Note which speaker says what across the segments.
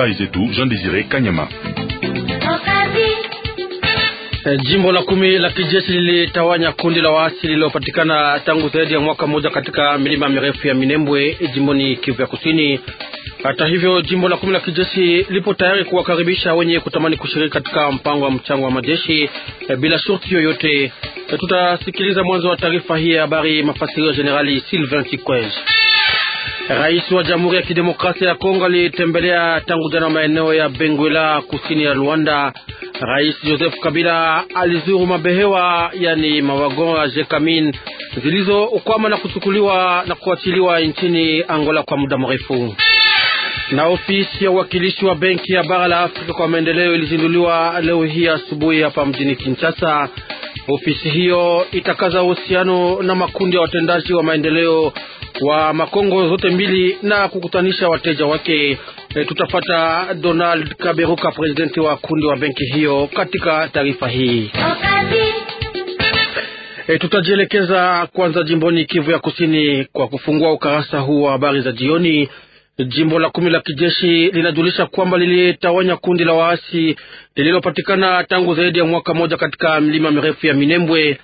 Speaker 1: habari
Speaker 2: tout Jean Désiré Kanyama.
Speaker 1: Eh, jimbo la kumi la kijeshi lilitawanya kundi la waasi lililopatikana tangu zaidi ya mwaka mmoja katika milima mirefu ya Minembwe eh, jimboni Kivu ya Kusini. Hata hivyo, jimbo la kumi la kijeshi lipo tayari kuwakaribisha wenye kutamani kushiriki katika mpango wa mchango wa majeshi e, bila shurti yoyote. E, tutasikiliza mwanzo wa taarifa hii ya habari, mafasirio ya Generali Sylvain Tikwege. Rais wa Jamhuri ya Kidemokrasia ya Kongo alitembelea tangu jana maeneo ya Benguela kusini ya Rwanda. Rais Joseph Kabila alizuru mabehewa yani mawagon ya Jekamin zilizokwama na kuchukuliwa na kuachiliwa nchini Angola kwa muda mrefu. Na ofisi ya uwakilishi wa benki ya bara la Afrika kwa maendeleo ilizinduliwa leo hii asubuhi hapa mjini Kinshasa. Ofisi hiyo itakaza uhusiano na makundi ya watendaji wa maendeleo wa makongo zote mbili na kukutanisha wateja wake. E, eh, tutafata Donald Kaberuka, presidenti wa kundi wa benki hiyo katika taarifa hii. E, tutajielekeza kwanza jimboni Kivu ya Kusini kwa kufungua ukarasa huu wa habari za jioni. Jimbo la kumi la kijeshi linajulisha kwamba lilitawanya kundi la waasi lililopatikana tangu zaidi ya mwaka moja katika milima mirefu ya Minembwe.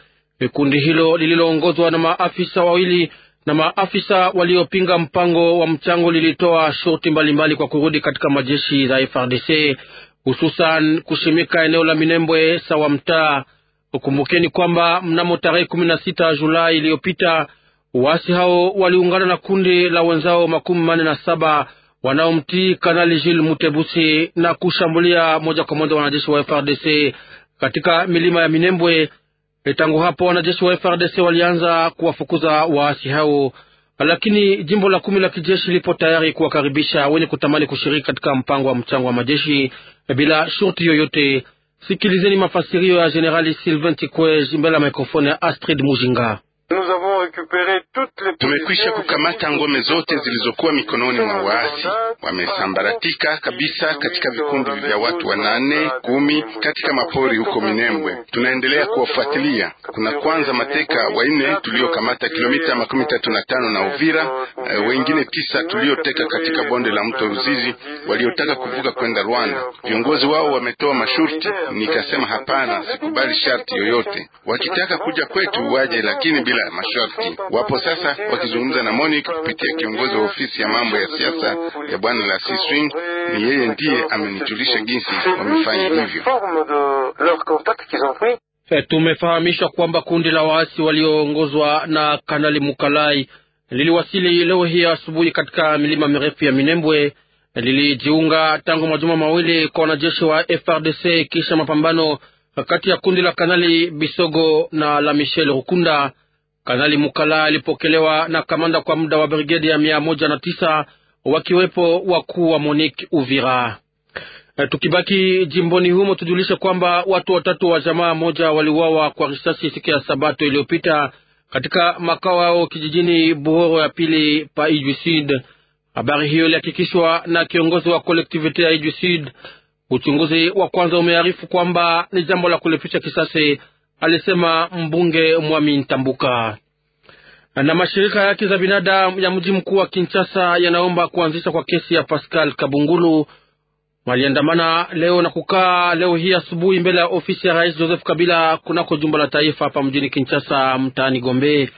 Speaker 1: Kundi hilo lililoongozwa na maafisa wawili na maafisa waliopinga mpango wa mchango lilitoa shurti mbalimbali kwa kurudi katika majeshi za frdc hususan kushimika eneo la Minembwe sawa mtaa. Ukumbukeni kwamba mnamo tarehe kumi na sita Julai iliyopita Waasi hao waliungana na kundi la wenzao makumi manne na saba wanaomtii Kanali Jil Mutebusi na kushambulia moja kwa moja wanajeshi wa FRDC katika milima ya Minembwe. E, tangu hapo wanajeshi wa FRDC walianza kuwafukuza waasi hao, lakini jimbo la kumi la kijeshi lipo tayari kuwakaribisha wenye kutamani kushiriki katika mpango wa mchango wa majeshi bila shurti yoyote. Sikilizeni mafasirio ya Generali Sylvain Tikwej mbele ya mikrofoni ya Astrid Mujinga.
Speaker 2: Tumekwisha kukamata ngome zote zilizokuwa mikononi mwa waasi. Wamesambaratika kabisa katika vikundi vya watu wanane kumi katika mapori huko Minembwe. Tunaendelea kuwafuatilia. Kuna kwanza mateka wanne tuliokamata kilomita makumi tatu na tano na Uvira, eh, wengine tisa tulioteka katika bonde la mto Ruzizi waliotaka kuvuka kwenda Rwanda. Viongozi wao wametoa mashurti, nikasema hapana, sikubali sharti yoyote. Wakitaka kuja kwetu waje, lakini bila masharti wapo sasa wakizungumza na Monique kupitia kiongozi wa ofisi ya mambo ya siasa ya bwana la Siswing. Ni
Speaker 1: yeye ndiye amenijulisha jinsi wamefanya hivyo. Eh, Tumefahamishwa kwamba kundi la waasi walioongozwa na Kanali Mukalai liliwasili leo hii asubuhi katika milima mirefu ya Minembwe. Eh, lilijiunga tangu majuma mawili kwa wanajeshi wa FRDC kisha mapambano kati ya kundi la Kanali Bisogo na la Michel Rukunda. Kanali Mukala alipokelewa na kamanda kwa muda wa brigedi ya mia moja na tisa wakiwepo wakuu wa Monique Uvira. E, Tukibaki jimboni humo, tujulishe kwamba watu watatu wa jamaa moja waliuawa kwa risasi siku ya Sabato iliyopita katika makao yao kijijini Buhoro ya pili pa Ijusid. Habari hiyo ilihakikishwa na kiongozi wa kolektivite ya Ijusid. Uchunguzi wa kwanza umearifu kwamba ni jambo la kulipisha kisasi alisema mbunge Mwami Ntambuka. Na mashirika ya haki za binadamu ya mji mkuu wa Kinshasa yanaomba kuanzisha kwa kesi ya Pascal Kabungulu. Waliandamana leo na kukaa leo hii asubuhi mbele ya ofisi ya Rais Joseph Kabila kunako jumba la taifa hapa mjini Kinshasa, mtaani Gombe.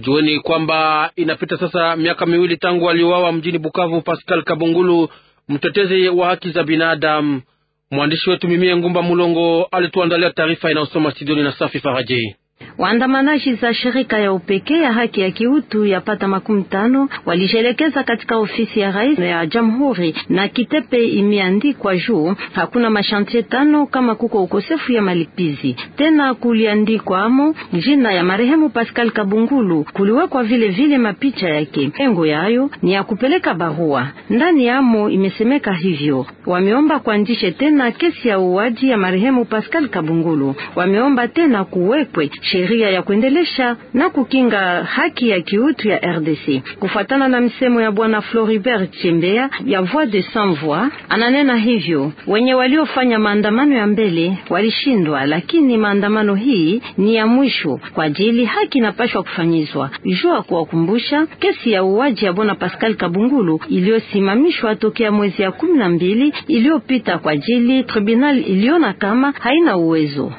Speaker 1: Jueni kwamba inapita sasa miaka miwili tangu aliuawa mjini Bukavu Pascal Kabungulu, mtetezi wa haki za binadamu. Mwandishi wetu mimia Ngumba Mulongo alituandalia taarifa inayosoma studioni na Safi Faraji.
Speaker 3: Waandamanaji za shirika ya upekee ya haki ya kiutu ya pata makumi tano walijielekeza katika ofisi ya rais ya jamhuri na kitepe imeandikwa juu hakuna mashantie tano kama kuko ukosefu ya malipizi. Tena kuliandikwa amo jina ya marehemu Pascal Kabungulu, kuliwekwa vile vile mapicha yake. Lengo yayo ni ya kupeleka barua ndani yamo, imesemeka hivyo. Wameomba kuanzishe tena kesi ya uwaji ya marehemu Pascal Kabungulu, wameomba tena kuwekwe sheria ya kuendelesha na kukinga haki ya kiutu ya RDC. Kufuatana na msemo ya bwana Floribert Chembea ya Voix de Sans Voix, ananena hivyo wenye waliofanya maandamano ya mbele walishindwa, lakini maandamano hii ni ya mwisho kwa ajili haki inapashwa kufanyizwa. Jua kuwakumbusha kesi ya uwaji ya bwana Pascal Kabungulu iliyosimamishwa tokea mwezi ya kumi na mbili iliyopita kwa ajili tribunal iliona kama haina uwezo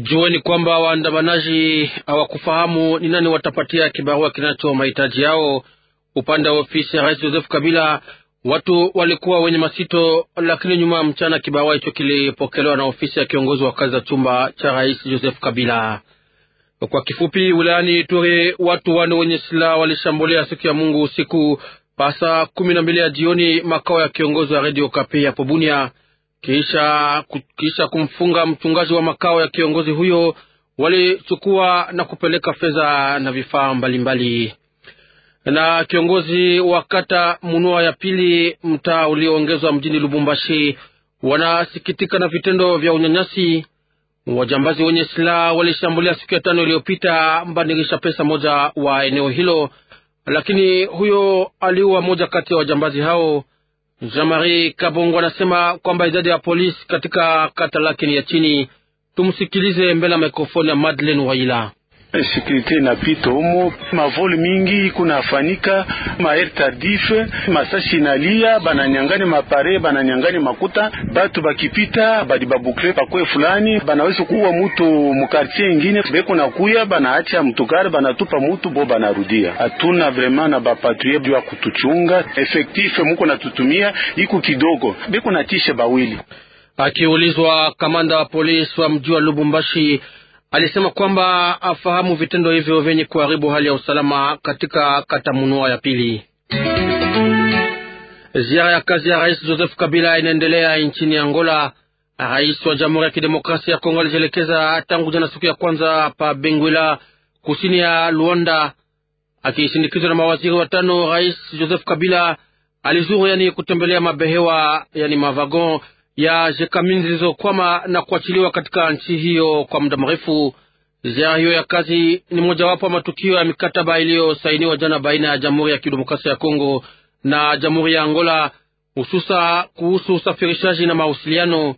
Speaker 1: Jueni kwamba waandamanaji hawakufahamu ni nani watapatia kibarua kinacho mahitaji yao. Upande wa ofisi ya rais Joseph Kabila watu walikuwa wenye masito, lakini nyuma ya mchana kibarua hicho kilipokelewa na ofisi ya kiongozi wa kazi za chumba cha rais Joseph Kabila. Kwa kifupi, wilayani Ituri watu wane wenye silaha walishambulia siku ya Mungu usiku pasa kumi na mbili ya jioni makao ya kiongozi wa redio Kapi hapo Bunia kisha, kisha kumfunga mchungaji wa makao ya kiongozi huyo. Walichukua na kupeleka fedha na vifaa mbalimbali. Na kiongozi wa kata Munua ya pili, mtaa ulioongezwa mjini Lubumbashi, wanasikitika na vitendo vya unyanyasi. Wajambazi wenye silaha walishambulia siku ya tano iliyopita mbadilisha pesa moja wa eneo hilo, lakini huyo aliua moja kati ya wajambazi hao. Jean-Marie Kabongo anasema kwamba idadi ya polisi katika kata lake ni ya chini. Tumsikilize mbele ya mikrofoni ya Madeleine Waila
Speaker 2: sekurite inapita humo, mavoli mingi kunafanika maer tardif, masashi inalia, bananyangane mapare, bananyangani makuta, batu bakipita badi babukle pakwe fulani, banaweza kuwa mutu mukartie ingine, beko nakuya banaacha mtukari, banatupa mutu bo banarudia. Hatuna vrema na bapatrie juu ya kutuchunga efektife, muko natutumia iku kidogo, beko natisha bawili.
Speaker 1: Akiulizwa kamanda wa polisi wa mji wa Lubumbashi alisema kwamba afahamu vitendo hivyo vyenye kuharibu hali ya usalama katika kata Munua ya pili. Ziara ya kazi ya Rais Joseph Kabila inaendelea nchini Angola. Rais wa Jamhuri ya Kidemokrasia ya Kongo alijielekeza tangu jana siku ya kwanza pa Benguela kusini ya Luanda akisindikizwa na mawaziri watano. Rais Joseph Kabila alizuru yani kutembelea mabehewa yani mavagon ya jekamini zilizokwama na kuachiliwa katika nchi hiyo kwa muda mrefu. Ziara hiyo ya kazi ni mojawapo wa matukio ya mikataba iliyosainiwa jana baina ya Jamhuri ya Kidemokrasia ya Kongo na Jamhuri ya Angola, hususa kuhusu usafirishaji na mawasiliano.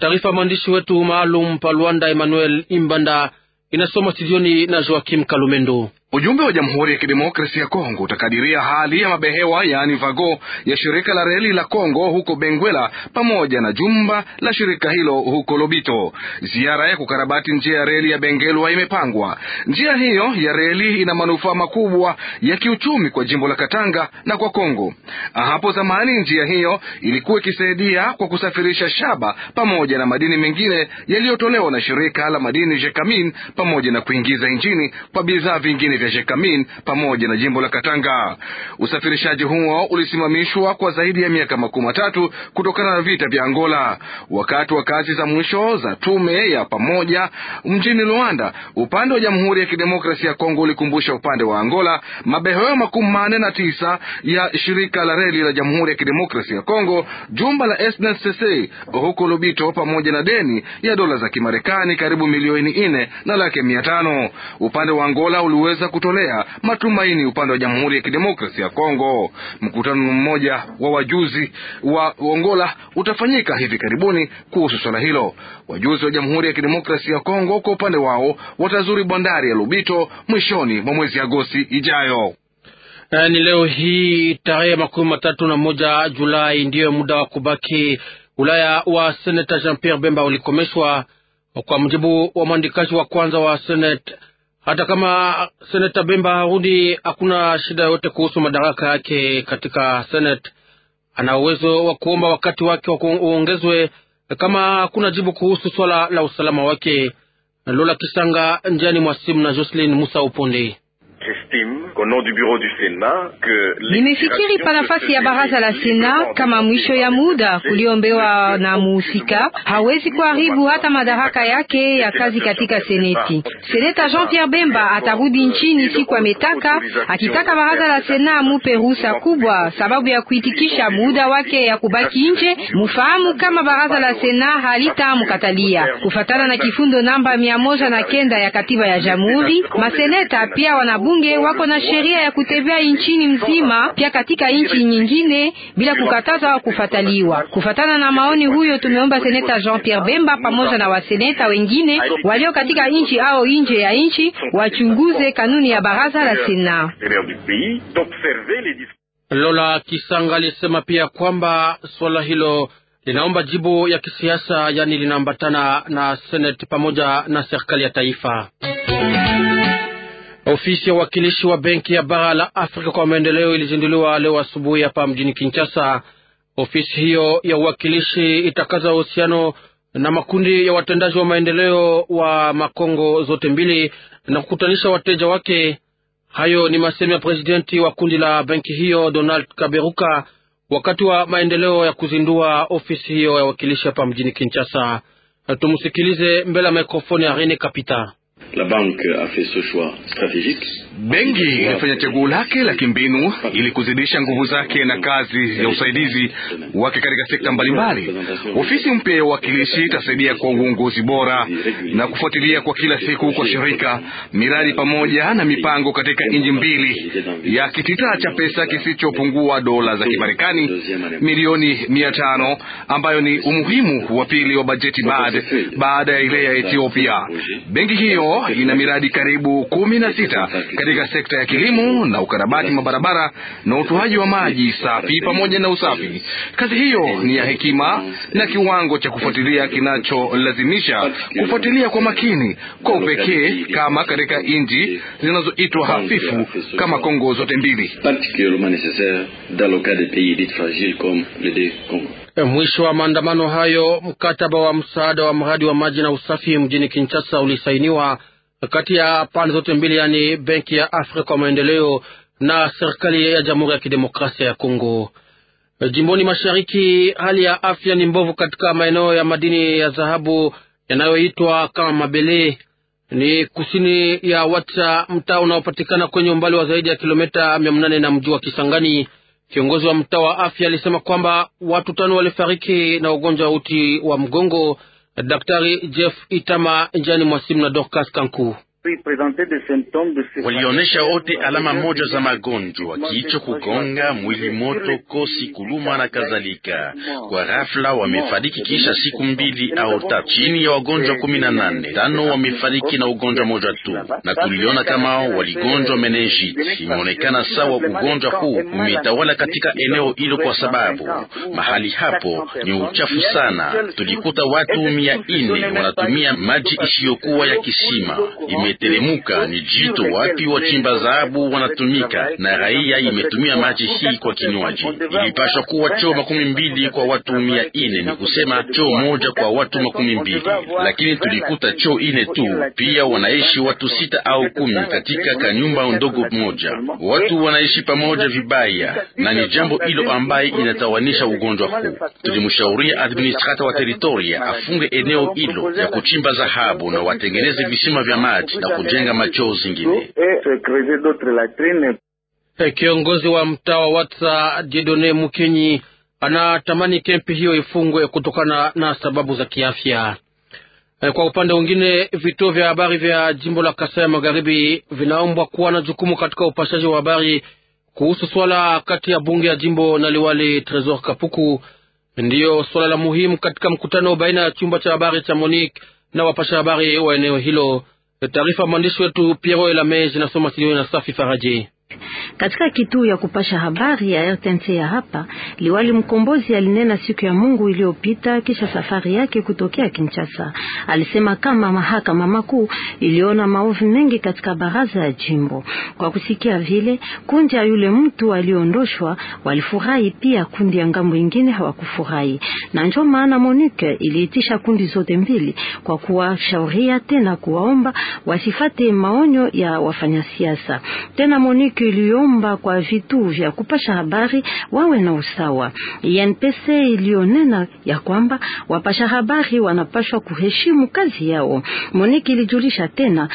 Speaker 1: Taarifa mwandishi wetu maalum palwanda Emmanuel Imbanda, inasoma studioni na Joakim Kalumendo. Ujumbe wa Jamhuri ya Kidemokrasi ya
Speaker 4: Kongo utakadiria hali ya mabehewa yaani vago ya shirika la reli la Kongo huko Benguela pamoja na jumba la shirika hilo huko Lobito. Ziara ya kukarabati njia ya reli ya bengelwa imepangwa. Njia hiyo ya reli ina manufaa makubwa ya kiuchumi kwa jimbo la Katanga na kwa Kongo. Hapo zamani njia hiyo ilikuwa ikisaidia kwa kusafirisha shaba pamoja na madini mengine yaliyotolewa na shirika la madini Jekamin pamoja na kuingiza nchini kwa bidhaa vingine vya jekamin pamoja na jimbo la Katanga. Usafirishaji huo ulisimamishwa kwa zaidi ya miaka makumi matatu kutokana na vita vya Angola. Wakati wa kazi za mwisho za tume ya pamoja mjini Luanda, upande wa Jamhuri ya Kidemokrasia ya Kongo ulikumbusha upande wa Angola mabehewa makumi manne na tisa ya shirika la reli la Jamhuri ya Kidemokrasia ya Kongo, jumba la SNCC huko Lubito, pamoja na deni ya dola za Kimarekani karibu milioni nne na laki mia tano. Upande wa Angola uliweza za kutolea matumaini upande wa Jamhuri ya Kidemokrasia ya Kongo. Mkutano mmoja wa wajuzi wa Angola utafanyika hivi karibuni kuhusu swala hilo. Wajuzi wa Jamhuri ya Kidemokrasia ya Kongo kwa upande wao watazuri bandari ya Lubito mwishoni mwa mwezi Agosti ijayo.
Speaker 1: Eh, ni leo hii tarehe makumi matatu na moja Julai ndiyo muda wa kubaki Ulaya wa seneta Jean Pierre Bemba ulikomeshwa. Kwa mujibu wa mwandikaji wa kwanza wa Senate. Hata kama seneta Bemba harudi, hakuna shida yoyote kuhusu madaraka yake katika Senate. Ana uwezo wa kuomba wakati wake wa uongezwe kama hakuna jibu kuhusu swala la usalama wake. Lola Kisanga, njiani mwa simu na Jocelyn Musa Uponde.
Speaker 2: Nimefikiri pa nafasi
Speaker 3: ya baraza la Sena kama mwisho ya muda kuliombewa na muhusika hawezi kuharibu hata madaraka yake ya kazi katika seneti. Seneta Jean-Pierre Bemba atarudi nchini siku ametaka, akitaka baraza la Sena amupe ruhusa kubwa sababu ya kuitikisha muda wake ya kubaki nje. Mufahamu kama baraza la Sena halitamkatalia kufatana na kifundo namba mia moja na kenda ya katiba ya jamhuri. Maseneta pia wanabunge wako na sheria ya kutembea nchini mzima, pia katika nchi nyingine bila kukataza au kufataliwa. Kufatana na maoni huyo, tumeomba seneta Jean Pierre Bemba pamoja na waseneta wengine walio katika nchi au nje ya nchi wachunguze kanuni ya baraza la Sena.
Speaker 1: Lola Kisanga alisema pia kwamba swala hilo linaomba jibu ya kisiasa, yani linaambatana na seneti pamoja na serikali ya taifa. Ofisi ya uwakilishi wa benki ya bara la Afrika kwa maendeleo ilizinduliwa leo asubuhi hapa mjini Kinshasa. Ofisi hiyo ya uwakilishi itakaza uhusiano na makundi ya watendaji wa maendeleo wa makongo zote mbili na kukutanisha wateja wake. Hayo ni masemi ya presidenti wa kundi la benki hiyo Donald Kaberuka wakati wa maendeleo ya kuzindua ofisi hiyo ya uwakilishi hapa mjini Kinshasa. Tumsikilize mbele ya mikrofoni ya Rene Kapita.
Speaker 2: La banque a fait ce choix stratégique
Speaker 1: Benki ilifanya chaguo lake la
Speaker 4: kimbinu ili kuzidisha nguvu zake na kazi ya usaidizi wake katika sekta mbalimbali. Ofisi mpya ya uwakilishi itasaidia kwa uongozi bora na kufuatilia kwa kila siku kwa shirika miradi pamoja na mipango katika nchi mbili ya kitita cha pesa kisichopungua dola za Kimarekani milioni mia tano ambayo ni umuhimu wa pili wa bajeti bad baada ya ile ya Ethiopia. Benki hiyo ina miradi karibu kumi na sita katika sekta ya kilimo na ukarabati mabarabara na utoaji wa maji safi pamoja na usafi. Kazi hiyo ni ya hekima na kiwango cha kufuatilia kinacholazimisha kufuatilia kwa makini kwa upekee, kama katika nchi zinazoitwa hafifu kama
Speaker 2: Kongo zote mbili.
Speaker 1: E, mwisho wa maandamano hayo, mkataba wa msaada wa mradi wa maji na usafi mjini Kinshasa ulisainiwa kati ya pande zote mbili, yani benki ya Afrika kwa maendeleo na serikali ya Jamhuri ya Kidemokrasia ya Kongo. Jimboni mashariki, hali ya afya ni mbovu katika maeneo ya madini ya dhahabu yanayoitwa kama Mabele ni kusini ya Wacha, mtaa unaopatikana kwenye umbali wa zaidi ya kilomita mia nane na mji wa Kisangani. Kiongozi wa mtaa wa afya alisema kwamba watu tano walifariki na ugonjwa uti wa mgongo Daktari Jeff Itama, njani mwasimu na Dorcas Kanku
Speaker 2: walionyesha wote alama moja za magonjwa: kicho kugonga, mwili moto, kosi kuluma na kadhalika. Kwa ghafla wamefariki kisha siku mbili au tatu. Chini ya wagonjwa kumi na nane tano wamefariki na ugonjwa moja tu, na tuliona kama waligonjwa menejiti. Imeonekana sawa ugonjwa huu umetawala katika eneo hilo, kwa sababu mahali hapo ni uchafu sana. Tulikuta watu mia ine wanatumia maji isiyokuwa ya kisima Ime imetelemuka. Ni jito wapi wachimba zahabu wanatumika, na raia imetumia maji hii kwa kinywaji. Ilipashwa kuwa choo makumi mbili kwa watu mia ine, ni kusema choo moja kwa watu makumi mbili, lakini tulikuta choo ine tu. Pia wanaishi watu sita au kumi katika kanyumba ndogo moja, watu wanaishi pamoja vibaya, na ni jambo hilo ambaye inatawanisha ugonjwa huu. Tulimshauria administrata wa teritoria afunge eneo hilo ya kuchimba zahabu na watengeneze
Speaker 1: visima vya maji na kujenga
Speaker 2: machoo zingine. Eh, eh,
Speaker 1: eh, kiongozi wa mtaa wa Watsa Jedone Mukenyi anatamani kempi hiyo ifungwe kutokana na sababu za kiafya. Kwa upande mwingine, vituo vya habari vya jimbo la Kasai ya Magharibi vinaombwa kuwa na jukumu katika upashaji wa habari kuhusu swala kati ya bunge ya jimbo na liwali Tresor Kapuku. Ndiyo swala la muhimu katika mkutano baina ya chumba cha habari cha Monique na wapasha habari wa eneo hilo. Taarifa ya mwandishi wetu Piero Elame zinasoma studioni na Safi Faraje.
Speaker 3: Katika kituo ya kupasha habari ya RTNC ya hapa, Liwali Mkombozi alinena siku ya Mungu iliyopita kisha safari yake kutokea Kinshasa. Alisema kama mahakama makuu iliona maovu mengi katika baraza ya jimbo. Kwa kusikia vile kundi ya yule mtu aliondoshwa walifurahi, pia kundi ya ngambo ingine hawakufurahi, na ndio maana Monique iliitisha kundi zote mbili kwa kuwashauria tena kuwaomba wasifate maonyo ya wafanyasiasa. Tena Monique MONUC iliomba kwa vituo vya kupasha habari wawe na usawa. INPC e ilionena ya kwamba wapasha habari wanapashwa kuheshimu kazi yao. MONUC ilijulisha tena,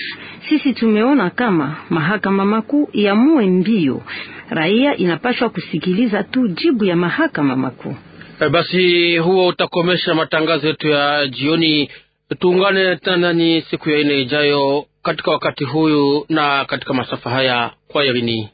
Speaker 3: sisi tumeona kama mahakama makuu iamue mbio, raia inapashwa kusikiliza tu jibu ya mahakama makuu.
Speaker 1: Eh, basi huo utakomesha matangazo yetu ya jioni. Tuungane tena nanyi siku ya ine ijayo katika wakati huyu na katika masafa haya. Kwa herini.